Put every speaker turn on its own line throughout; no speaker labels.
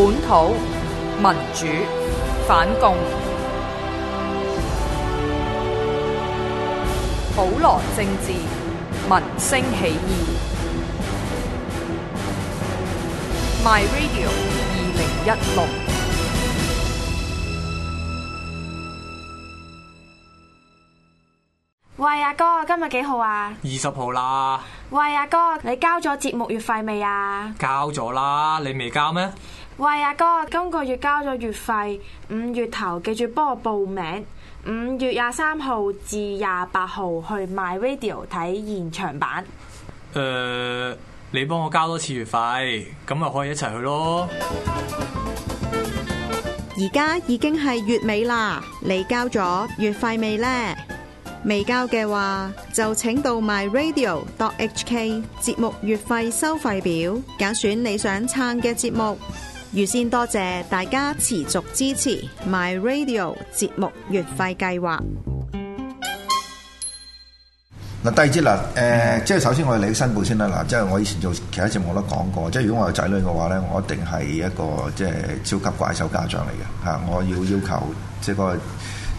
本土民主反共，普羅政治民聲起義。My Radio 二
零一六。喂，阿哥，今日幾號啊？二十號啦。喂，阿哥，你交咗節目月費未啊？交咗啦，你未交咩？
喂，阿哥，今個月交咗月費，五月頭記住幫我報名。五月廿三號至廿八號去 My Radio 睇現場
版。誒、呃，你幫我交多次月費，咁咪可以一齊去咯。而家已經係月尾啦，你交咗月費未呢？未交嘅話就請到 My Radio dot HK 節目月費收費表，揀選你想撐嘅節目。預先多謝大家持續支持 My Radio 節目月費計劃。
嗱，第二節啦，誒，即係首先我哋嚟宣布先啦，嗱，即係我以前做其他節目我都講過，即係如果我有仔女嘅話咧，我一定係一個即係超級怪獸家長嚟嘅吓，我要要求即係個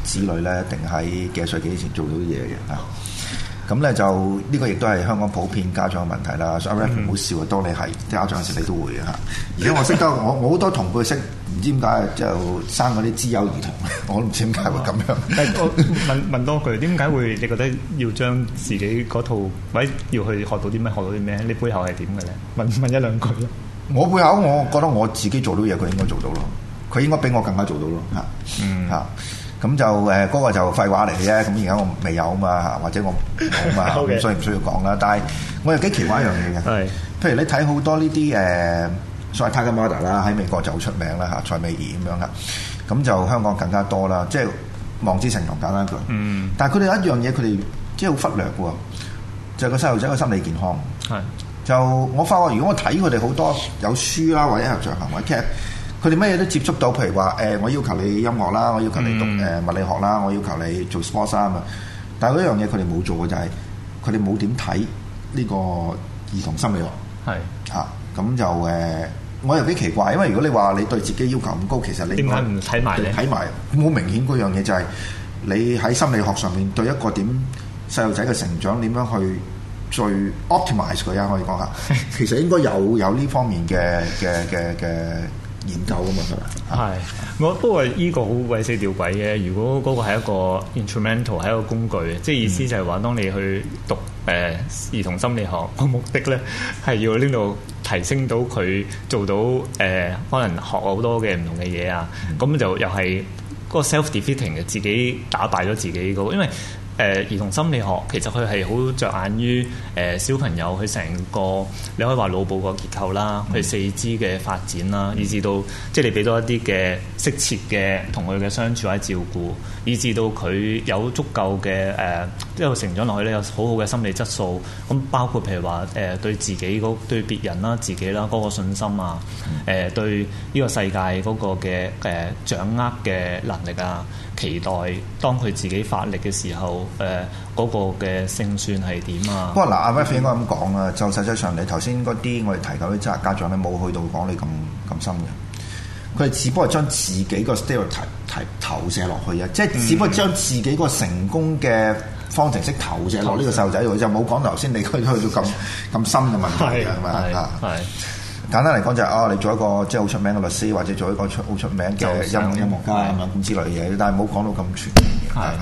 子女咧，一定喺幾歲幾以前做到啲嘢嘅吓。咁咧就呢個亦都係香港普遍家長嘅問題啦，所以 Ralph，唔好笑啊！嗯，嗯當你係家長嘅時，你都會嘅。而家我識得我我好多同輩識，唔知點解就生嗰啲資優兒童咧，我唔知點解會咁
樣，嗯問。問問多句，點解會？你覺得要將自己嗰套，或者要去學到啲咩，學到啲咩？你背後係點嘅咧？問問
一兩句咯。我背後，我覺得我自己做到嘢，佢應該做到咯。佢應該比我更加做到咯嚇。嗯嚇。嗯咁就誒嗰個就廢話嚟嘅啫，咁而家我未有啊嘛，或者我冇啊嘛， 所以唔需要講啦。但係我又幾奇怪一樣嘢嘅， 是的 譬如你睇好多呢啲誒，所謂《泰加貓》啦，喺美國就好出名啦嚇，《蔡美兒》咁樣啦，咁就香港更加多啦。即係望子成龍簡單一句，嗯，但係佢哋有一樣嘢，佢哋即係好忽略嘅喎，就係個細路仔嘅心理健康。係，是的 就我發覺，如果我睇佢哋好多有書啦，或者係長行或者劇。佢哋乜嘢都接觸到，譬如話誒、哎，我要求你音樂啦，我要求你讀誒物理學啦，我要求你做 sports 啊嘛、嗯。但係嗰樣嘢佢哋冇做嘅就係，佢哋冇點睇呢個兒童心理學。係嚇是，咁、啊、就誒、呃，我又幾奇怪，因為如果你話你對自己要求咁高，其實你點解唔睇埋咧？睇埋，好明顯嗰樣嘢就係、是、你喺心理學上面對一個點細路仔嘅成長點樣去最 optimize 佢啊？可以講下，其實應該有有呢方面嘅嘅嘅嘅。 研究㗎嘛
係嘛係，我不過依個好鬼死吊詭嘅。如果嗰個係一個 instrumental 係一個工具，即係意思就係話當你去讀誒、呃、兒童心理學個目的咧，係要拎到提升到佢做到誒、呃、可能學好多嘅唔同嘅嘢啊。咁、嗯、就又係嗰個 self-defeating 嘅，ating，自己打敗咗自己個，因為。誒兒童心理學其實佢係好着眼於誒、呃、小朋友佢成個你可以話腦部個結構啦，佢、嗯、四肢嘅發展啦，嗯、以至到即係你俾多一啲嘅。適切嘅同佢嘅相處或者照顧，以至到佢有足夠嘅誒，之、呃、後成長落去咧有好好嘅心理質素。咁包括譬如話誒、呃，對自己嗰對別人啦、自己啦嗰個信心啊，誒、呃、對呢個世界嗰個嘅誒、呃、掌握嘅能力啊，期待當佢自己發力嘅時候，誒、呃、嗰、那個嘅勝算係點、哦呃嗯、啊？不過嗱，阿 Ralph 應該
咁講啊，嗯、就實際上你頭先嗰啲我哋提及啲真係家長咧冇去到講你咁咁深嘅。佢只不過將自己個 stereotype 提投射落去啊！即係、嗯、只不過將自己個成功嘅方程式投射落呢個細路仔度，就冇講頭先你去去到咁咁投射 深嘅問題㗎嘛是 啊！係係係簡單嚟講就係、是、啊，你做一個即係好出名嘅律師，或者做一個出好出名嘅音音樂家咁之類嘢不，但係冇講到咁全。
係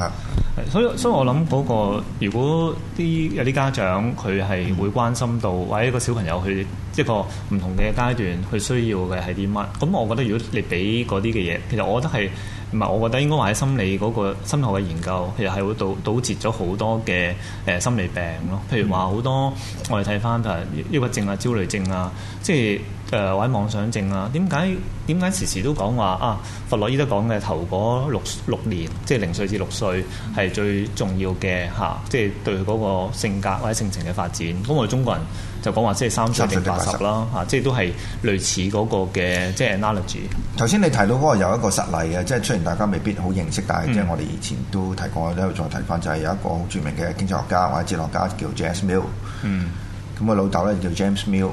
所以所以我諗嗰個，如果啲有啲家長佢係會關心到，或者一個小朋友去一個唔同嘅階段，佢需要嘅係啲乜？咁我覺得如果你俾嗰啲嘅嘢，其實我覺得係。唔係，我覺得應該話喺心理嗰個深入嘅研究，其實係會堵堵截咗好多嘅誒心理病咯。譬如話好多，我哋睇翻就係抑鬱症啊、焦慮症啊，即係誒或者妄想症啊。點解點解時時都講話啊？弗洛伊德講嘅頭嗰六六年，即係零歲至六歲係最重要嘅嚇，啊，即係對嗰個性格或者性情嘅發展。咁我哋中國人。就講話即係三歲定八十啦，嚇！即係都係類似嗰個嘅即係 analogy。
頭先你提到嗰個有一個實例嘅，即係雖然大家未必好認識，但係即係我哋以前都提過，都有再提翻，就係有一個好著名嘅經濟學家或者哲學家叫 James Mill、嗯。咁個老豆咧叫 James Mill，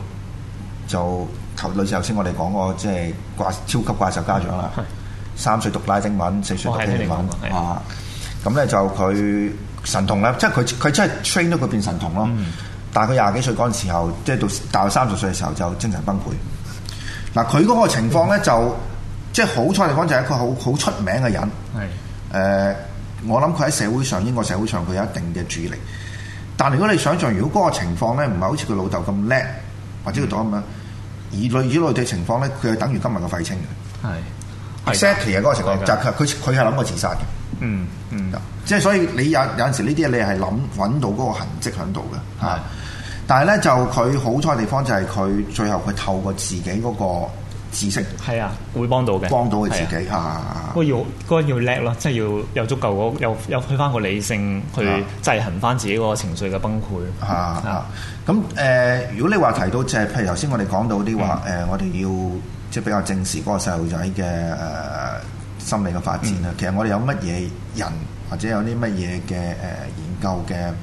就頭類似頭先我哋講嗰個即係掛超級怪獸家長啦。嗯、三歲讀拉丁文，四歲讀英文咁咧、嗯啊、就佢神童咧，即係佢佢真係 train 到佢變神童咯。嗯但佢廿幾歲嗰陣時候，即係到大約三十歲嘅時候就精神崩潰。嗱，佢嗰個情況咧就，嗯、即係好彩嘅地方就係一個好好出名嘅人。係是，誒、呃，我諗佢喺社會上，英國社會上佢有一定嘅主力。但如果你想象，如果嗰個情況咧唔係好似佢老豆咁叻，或者佢咁樣，嗯、而類以類嘅情況咧，佢係等於今日嘅廢青嘅。係 Exactly 啊，嗰個情況，的就係佢佢係諗過自殺嘅。嗯嗯。嗯即係所以你有有陣時呢啲嘢你係諗揾到嗰個痕跡喺度嘅，嚇的！但係咧就佢好彩嘅地方就係佢最後佢透過自己嗰個知
識，係啊，會幫到嘅，幫到佢自己嚇，個要個要叻咯，即係要有足夠嗰有有去翻個理性去制衡翻自己嗰個情緒嘅崩潰嚇
嚇。咁誒的的、啊呃，如果你話提到即係譬如頭先我哋講到啲話誒、嗯呃，我哋要即係比較正視嗰個細路仔嘅誒。呃心理嘅發展啊，嗯、其實我哋有乜嘢人或者有啲乜嘢嘅誒研究嘅啊、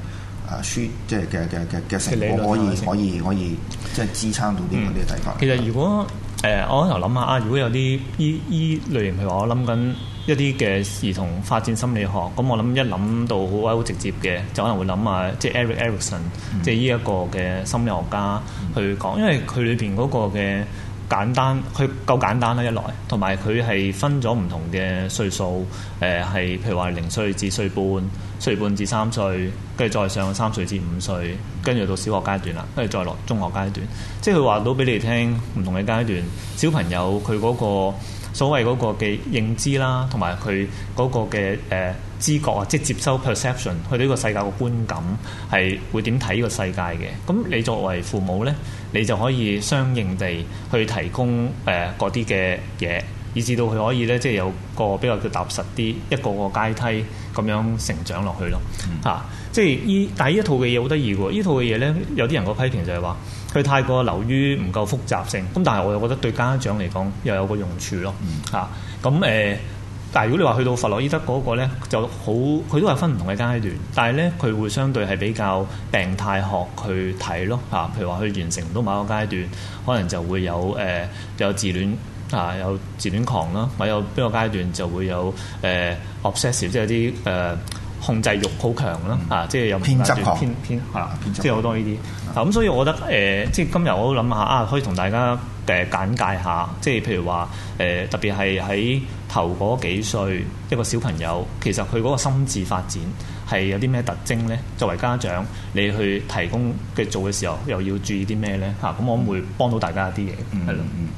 呃、書，即係嘅嘅嘅嘅成果可以論可以、啊、可以可以可以，即係支撐到啲嗰啲睇法。嗯、其
實如果誒，呃呃、我喺頭諗下啊，如果有啲依依類型譬如話，我諗緊一啲嘅兒童發展心理學，咁我諗一諗到好鬼好直接嘅，就可能會諗下，即、就、係、是、Erik Erikson，即係呢一個嘅心理學家去講，嗯、因為佢裏邊嗰個嘅。簡單，佢夠簡單啦一來，同埋佢係分咗唔同嘅歲數，誒、呃、係譬如話零歲至歲半，歲半至三歲，跟住再上三歲至五歲，跟住到小學階段啦，跟住再落中學階段，即係佢話到俾你聽，唔同嘅階段小朋友佢嗰個。所謂嗰個嘅認知啦，同埋佢嗰個嘅誒、呃、知覺啊，即係接收 perception，佢對呢個世界個觀感係會點睇呢個世界嘅。咁你作為父母咧，你就可以相應地去提供誒嗰啲嘅嘢，以至到佢可以咧即係有個比較嘅踏實啲一，一個個階梯咁樣成長落去咯。嚇、嗯啊，即係依但係呢一套嘅嘢好得意嘅喎，呢套嘅嘢咧有啲人個批評就係話。佢太過流於唔夠複雜性，咁但係我又覺得對家長嚟講又有個用處咯嚇。咁誒、嗯啊，但係如果你話去到弗洛伊德嗰、那個咧，就好佢都係分唔同嘅階段，但係咧佢會相對係比較病態學去睇咯嚇。譬如話去完成唔到某個階段，可能就會有誒、呃、有自戀嚇、啊，有自戀狂啦，或、啊、者有邊個階段就會有誒、呃、obsessive，即係有啲誒控制欲好強啦嚇、啊，即係有偏執偏偏、啊、偏偏嚇，即係好多呢啲。咁、嗯、所以我覺得，誒、呃，即係今日我都諗下，啊，可以同大家誒簡介下，即係譬如話，誒、呃，特別係喺頭嗰幾歲一個小朋友，其實佢嗰個心智發展係有啲咩特徵咧？作為家長，你去提供嘅做嘅時候，又要注意啲咩咧？嚇、啊，咁我會幫到大家一啲嘢，係咯、嗯的嗯。嗯，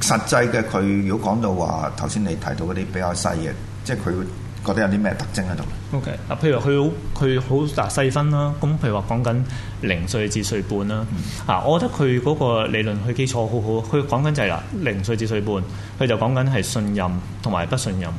咁實
際嘅佢如果講到話，頭先你提到嗰啲比較細嘅，即係佢。覺得有啲咩特
徵喺度咧？OK，嗱，譬如佢好佢好，嗱，細分啦。咁譬如話講緊零歲至歲半啦。嗱，我覺得佢嗰個理論去基礎好好。佢講緊就係啦，零歲至歲半，佢、嗯、就講緊係信任同埋不信任。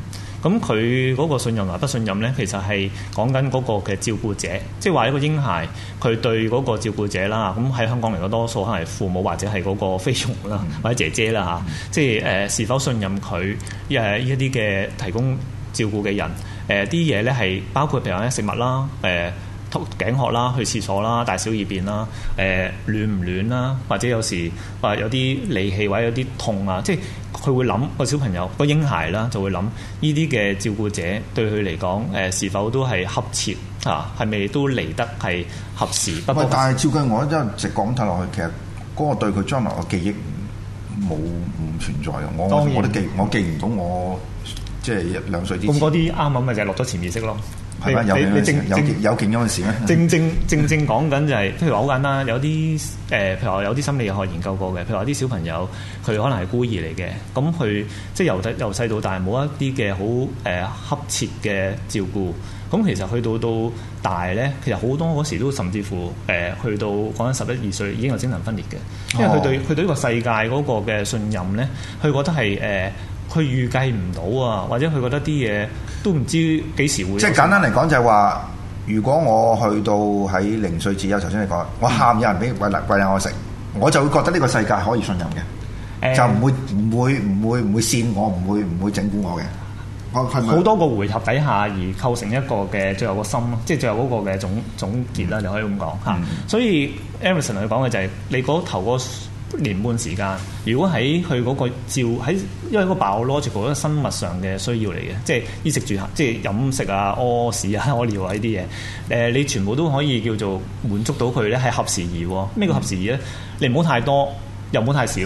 咁佢嗰個信任同埋不信任咧，其實係講緊嗰個嘅照顧者，即係話一個嬰孩佢對嗰個照顧者啦。咁喺香港嚟講，多數可能係父母或者係嗰個菲傭啦，或者姐姐啦嚇，嗯、即係誒是否信任佢，亦係依一啲嘅提供。照顧嘅人，誒啲嘢咧係包括譬如話咧食物啦，誒頸殼啦，去廁所啦，大小二便啦，誒、呃、暖唔暖啦，或者有時或有啲脷氣或者有啲痛啊，即係佢會諗、個小朋友個嬰孩啦，就會諗呢啲嘅照顧者對佢嚟講，誒、呃、是否都係恰切嚇，係、啊、咪都嚟得係合時？不過，但係照計
我，一為直講睇落去，其實嗰個對佢將來個記憶冇唔存
在嘅，我當然我都記，我記唔到我。嗯 即係兩歲啲咁嗰啲啱啊，咪就係落咗潛意識咯。係嘛？有有有件嗰陣時咩？正正正正講緊就係，譬如話好簡單，有啲誒，譬如話有啲心理學研究過嘅，譬如話啲小朋友佢可能係孤兒嚟嘅，咁佢即係由由細到大冇一啲嘅好誒恰切嘅照顧，咁其實去到到大咧，其實好多嗰時都甚至乎誒、呃、去到講緊十一二歲已經有精神分裂嘅，因為佢對佢、哦、對呢個世界嗰個嘅信任咧，佢覺得係誒。呃佢預計唔到啊，或者佢覺得啲嘢都唔知幾時會。即係簡單嚟
講，就係話，如果我去到喺零歲至一歲頭先你講，我喊有人俾餵餵餵我食，嗯、我就會覺得呢個世界可以信任嘅，嗯、
就唔會
唔、嗯、會唔會唔會騙我，唔會唔會整蠱我
嘅。好多個回合底下而構成一個嘅最後個心，即係最後嗰個嘅總總結啦，你可以咁講嚇。嗯嗯、所以 Erikson 佢講嘅就係、是、你嗰頭個。年半時間，如果喺佢嗰個照喺，因為個 biological 生物上嘅需要嚟嘅，即係衣食住行，即係飲食啊、屙屎啊、屙尿啊呢啲嘢，誒、呃，你全部都可以叫做滿足到佢咧，係合時宜。咩叫合時宜咧？ 你唔好太多，又唔好太少，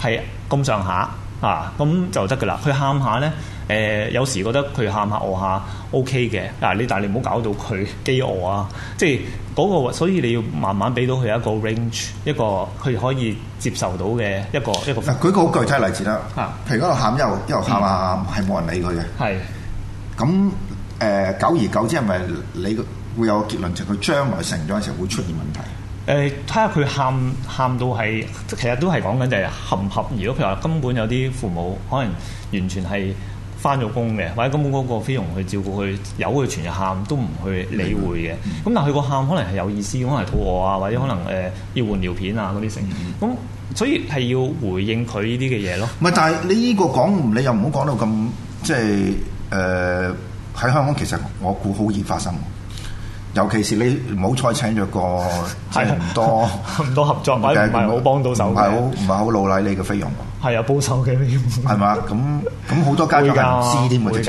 係咁上下啊，咁就得㗎啦。佢喊下咧。誒、呃，有時覺得佢喊下我下、呃、，OK 嘅嗱。但你但係你唔好搞到佢飢餓啊！即係嗰、那個，所以你要慢慢俾到佢一個 range，一個佢可以接受到嘅一個一個。嗱、啊，舉個好具體例子啦，
譬如嗰度喊又又喊下喊，係冇、嗯、人理佢嘅。係咁誒，久而久之係咪你會有個結論？就佢將來成長嘅時候會出現問題。
誒、嗯，睇下佢喊喊到係，其實都係講緊就係合唔合，如果譬如話根本有啲父母可能完全係。返咗工嘅，或者根本嗰個菲傭去照顧佢，由佢全日喊都唔去理會嘅。咁但係佢個喊可能係有意思，可能係肚餓啊，或者可能誒、呃、要換尿片啊嗰啲成。咁所以係要回應佢呢啲嘅嘢咯。唔係，
但係你呢個講，你又唔好講到咁即係誒喺香港，其實我估好易發生。尤其是你唔好再請咗個，係咁多咁多 合作，唔係唔係好幫到手，唔係好唔係好老賴你嘅菲傭。
係啊，報酬嘅呢？係嘛
咁咁好多家長唔知添㗎，
唔的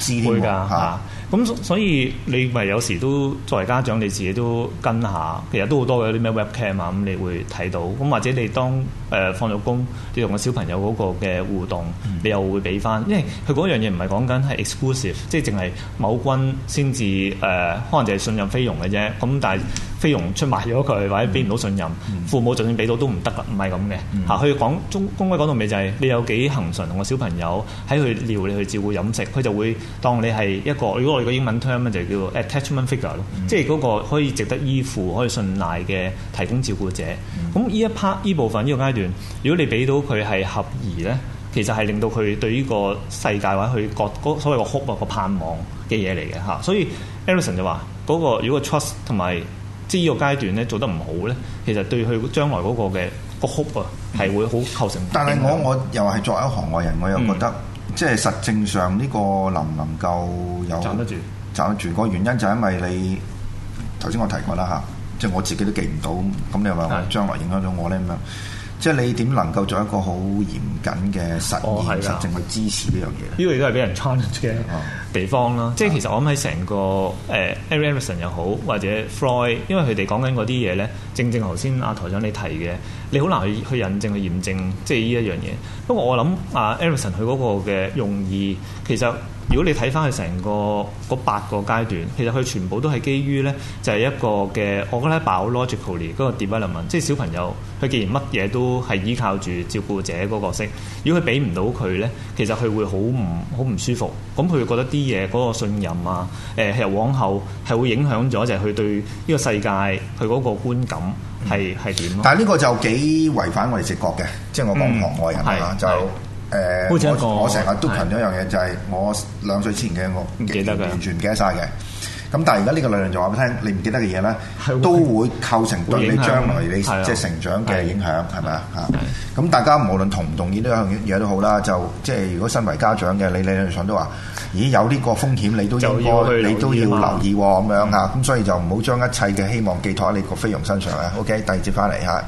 知添㗎。咁的的所以你咪有時都作為家長，你自己都跟下。其實都好多嘅啲咩 webcam 啊，咁你會睇到。咁或者你當誒、呃、放咗工，你同個小朋友嗰個嘅互動，你又會俾翻。因為佢嗰樣嘢唔係講緊係 exclusive，即係淨係某君先至誒，可能就係信任菲傭嘅啫。咁但係。嗯非傭出賣咗佢，或者俾唔到信任，嗯、父母就算俾到都唔得噶，唔係咁嘅嚇。可以、嗯、講中公規講到尾就係、是、你有幾恆常同個小朋友喺佢撩你去照顧飲食，佢就會當你係一個。如果我哋個英文 term 就叫 attachment figure 咯、嗯，即係嗰個可以值得依附、可以信賴嘅提供照顧者。咁呢、嗯、一 part 呢部分呢個、嗯、階段，如果你俾到佢係合宜咧，其實係令到佢對呢個世界或者佢覺所謂個 hope 個盼望嘅嘢嚟嘅嚇。所以 Alison 就話嗰、那個如果 trust 同埋。呢個階段咧做得唔好咧，其實對佢將來嗰、嗰個嘅復活啊，係、嗯、會好構成但。但係我
我又係作為一行外人，我又覺得、嗯、即係實證上呢、這個能唔能夠有站得住？站得住，個原因就係因為你頭先我提過啦吓，即係我自己都記唔到，咁你又話我將來影響咗我咧咁是樣。即係你點能夠做一個好嚴謹嘅
實驗、哦、實證
去支持呢樣嘢？呢個亦
都係俾人 challenge 嘅地方啦。嗯、即係其實我諗喺成個誒，Erickson 又好或者 Freud，因為佢哋講緊嗰啲嘢咧，正正頭先阿台長你提嘅，你好難去去引證、去驗證，即係呢一樣嘢。不過我諗啊 Erickson 佢嗰個嘅用意，其實如果你睇翻佢成個八個階段，其實佢全部都係基於呢，就係一個嘅，我覺得係 biologically 嗰個 development，即係小朋友，佢既然乜嘢都係依靠住照顧者嗰個角色，如果佢俾唔到佢呢，其實佢會好唔好唔舒服，咁佢會覺得啲嘢嗰個信任啊，誒、呃，係由往後係會影響咗，就係佢對呢個世界佢嗰個觀感。係係點？啊、但係
呢個就幾違反我哋直覺嘅，即係我講行外人啦，就
誒、是嗯，我成日都憑咗
一樣嘢，是就係我兩歲之前嘅我，唔記得嘅，完全唔記得晒嘅。咁但係而家呢個理論就話俾你聽，你唔記得嘅嘢呢，會都會構成對你將來你即係成長嘅影響，係咪啊？嚇！咁大家無論同唔同意呢樣嘢都好啦，就即係如果身為家長嘅，你你理論上都話，咦有呢個風險，你都應該要你都要留意喎，咁樣嚇。咁所以就唔好將一切嘅希望寄託喺你個菲傭身上啊。的 OK，
第二節翻嚟嚇。